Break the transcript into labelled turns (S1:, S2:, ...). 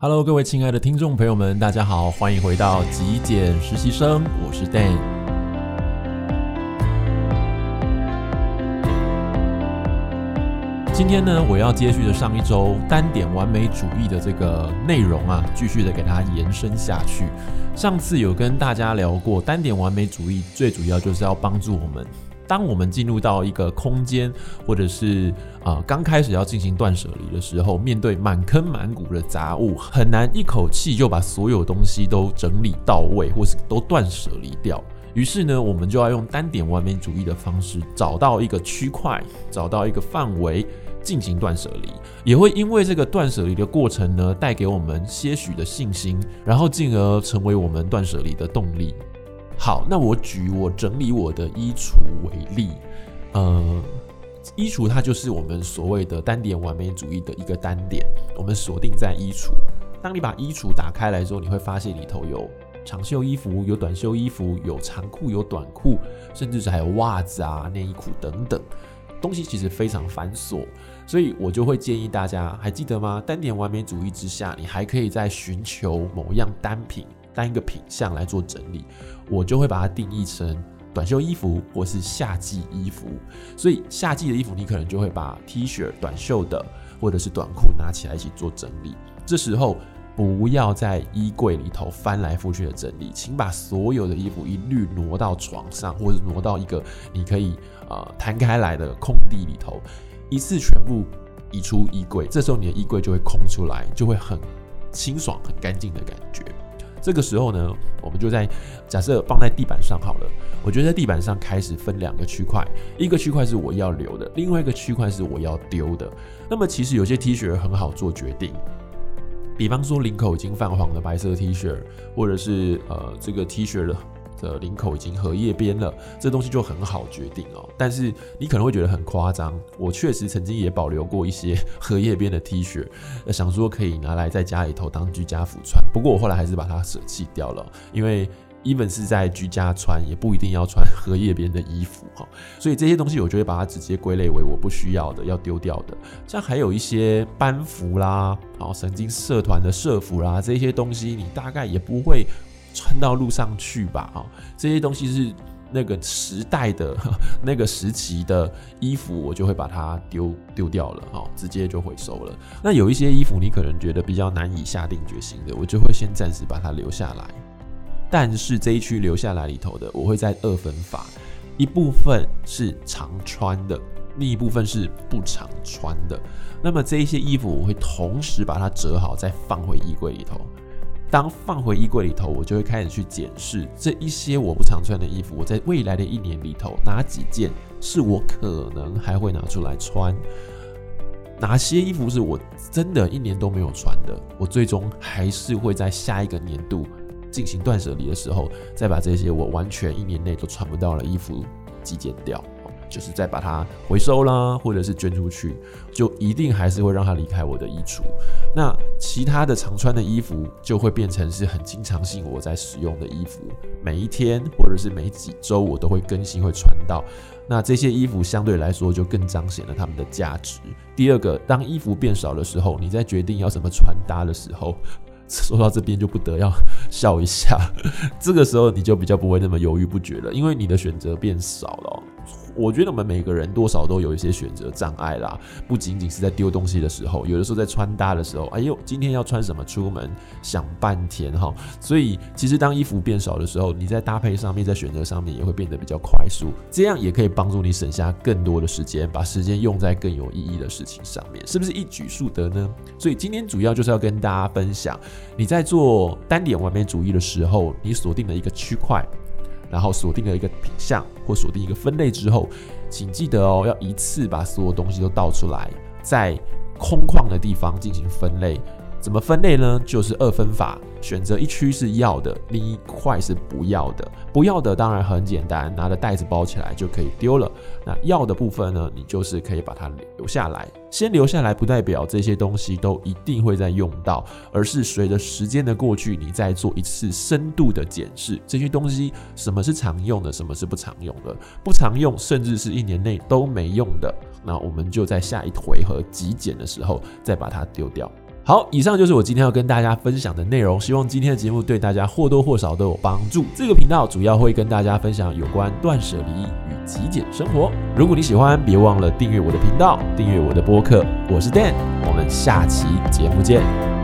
S1: Hello，各位親愛的聽眾朋友們，大家好，歡迎回到極簡實習生，我是 Dan。今天呢，我要接續的上一周單點完美主義的這個內容啊，繼續的給它延伸下去。上次有跟大家聊過單點完美主義，最主要就是要幫助我們。當我們進入到一個空間，或者是啊剛開始要進行斷捨離的時候，面對滿坑滿谷的雜物，很難一口氣就把所有東西都整理到位，或是都斷捨離掉。於是呢，我們就要用單點完美主義的方式，找到一個區塊，找到一個範圍，進行斷捨離。也會因為這個斷捨離的過程呢，帶給我們些許的信心，然後進而成為我們斷捨離的動力。好，那我舉我整理我的衣櫥為例，呃、嗯，衣櫥它就是我們所謂的單點完美主義的一個單點，我們鎖定在衣櫥。當你把衣櫥打開來之後，你會發現裡頭有長袖衣服、有短袖衣服、有長褲、有短褲，甚至是還有襪子啊、內衣褲等等東西，其實非常繁瑣。所以我就會建議大家，還記得嗎？單點完美主義之下，你還可以再尋求某樣單品。單一個品相來做整理，我就會把它定義成短袖衣服，或是夏季衣服。所以夏季的衣服，你可能就會把 T 恤、短袖的或者是短褲拿起來一起做整理。這時候不要在衣櫃裡頭翻來覆去的整理，請把所有的衣服一律挪到床上，或者挪到一個你可以啊、呃、攤開來的空地裡頭，一次全部移出衣櫃。這時候你的衣櫃就會空出來，就會很清爽、很乾淨的感覺。這個時候呢，我們就在假設放在地板上好了。我覺得在地板上開始分兩個區塊，一個區塊是我要留的，另外一個區塊是我要丟的。那麼其實有些 T 恤很好做決定，比方說領口已經泛黃的白色 T 恤，或者是呃這個 T 恤的。的領口已經荷葉邊了，這東西就很好決定哦。但是你可能會覺得很誇張。我確實曾經也保留過一些荷葉邊的 T 恤，想說可以拿來在家裡頭當居家服穿。不過我後來還是把它捨棄掉了，因為 even 是在居家穿，也不一定要穿荷葉邊的衣服哦，所以這些東西我就會把它直接歸類為我不需要的、要丟掉的。像還有一些班服啦，曾經社團的社服啦，這些東西你大概也不會。穿到路上去吧，哦，這些東西是那個時代的那個時期的衣服，我就會把它丟丟掉了，哦，直接就回收了。那有一些衣服你可能覺得比較難以下定決心的，我就會先暫時把它留下來。但是這一區留下來裡頭的，我會再二分法，一部分是常穿的，另一部分是不常穿的。那麼這一些衣服我會同時把它折好，再放回衣櫃裡頭。當放回衣櫃裡頭，我就會開始去檢視這一些我不常穿的衣服。我在未來的一年裡頭，哪幾件是我可能還會拿出來穿？哪些衣服是我真的一年都沒有穿的？我最終還是會在下一個年度進行斷捨離的時候，再把這些我完全一年內都穿不到的衣服，極簡掉。就是再把它回收啦，或者是捐出去，就一定還是會讓它離開我的衣櫥。那其他的常穿的衣服就會變成是很經常性我在使用的衣服，每一天或者是每幾周我都會更新會穿到。那這些衣服相對來說就更彰顯了它們的價值。第二個，當衣服變少的時候，你在決定要什麼穿搭的時候，說到這邊就不得要笑一下。這個時候你就比較不會那麼猶豫不決了，因為你的選擇變少了。我覺得我們每個人多少都有一些選擇障礙啦，不僅僅是在丟東西的時候，有的時候在穿搭的時候，哎呦，今天要穿什麼出門，想半天哈。所以，其實當衣服變少的時候，你在搭配上面，在選擇上面也會變得比較快速，這樣也可以幫助你省下更多的時間，把時間用在更有意義的事情上面，是不是一舉數得呢？所以今天主要就是要跟大家分享，你在做單點完美主義的時候，你鎖定的一個區塊。然後鎖定了一個品項，或鎖定一個分類之後，請記得哦，要一次把所有東西都倒出來，在空曠的地方進行分類。怎麼分類呢？就是二分法，選擇一區是要的，另一塊是不要的。不要的當然很簡單，拿着袋子包起來就可以丟了。那要的部分呢？你就是可以把它留下來。先留下來不代表這些東西都一定會再用到，而是隨着時間的過去，你再做一次深度的檢視，這些東西什麼是常用的，什麼是不常用的？不常用，甚至是一年內都沒用的，那我們就在下一回合極簡的時候再把它丟掉。好，以上就是我今天要跟大家分享的內容。希望今天的節目對大家或多或少都有幫助。這個頻道主要會跟大家分享有關斷捨離與極簡生活。如果你喜歡，別忘了訂閱我的頻道，訂閱我的播客。我是 Dan，我們下期節目見。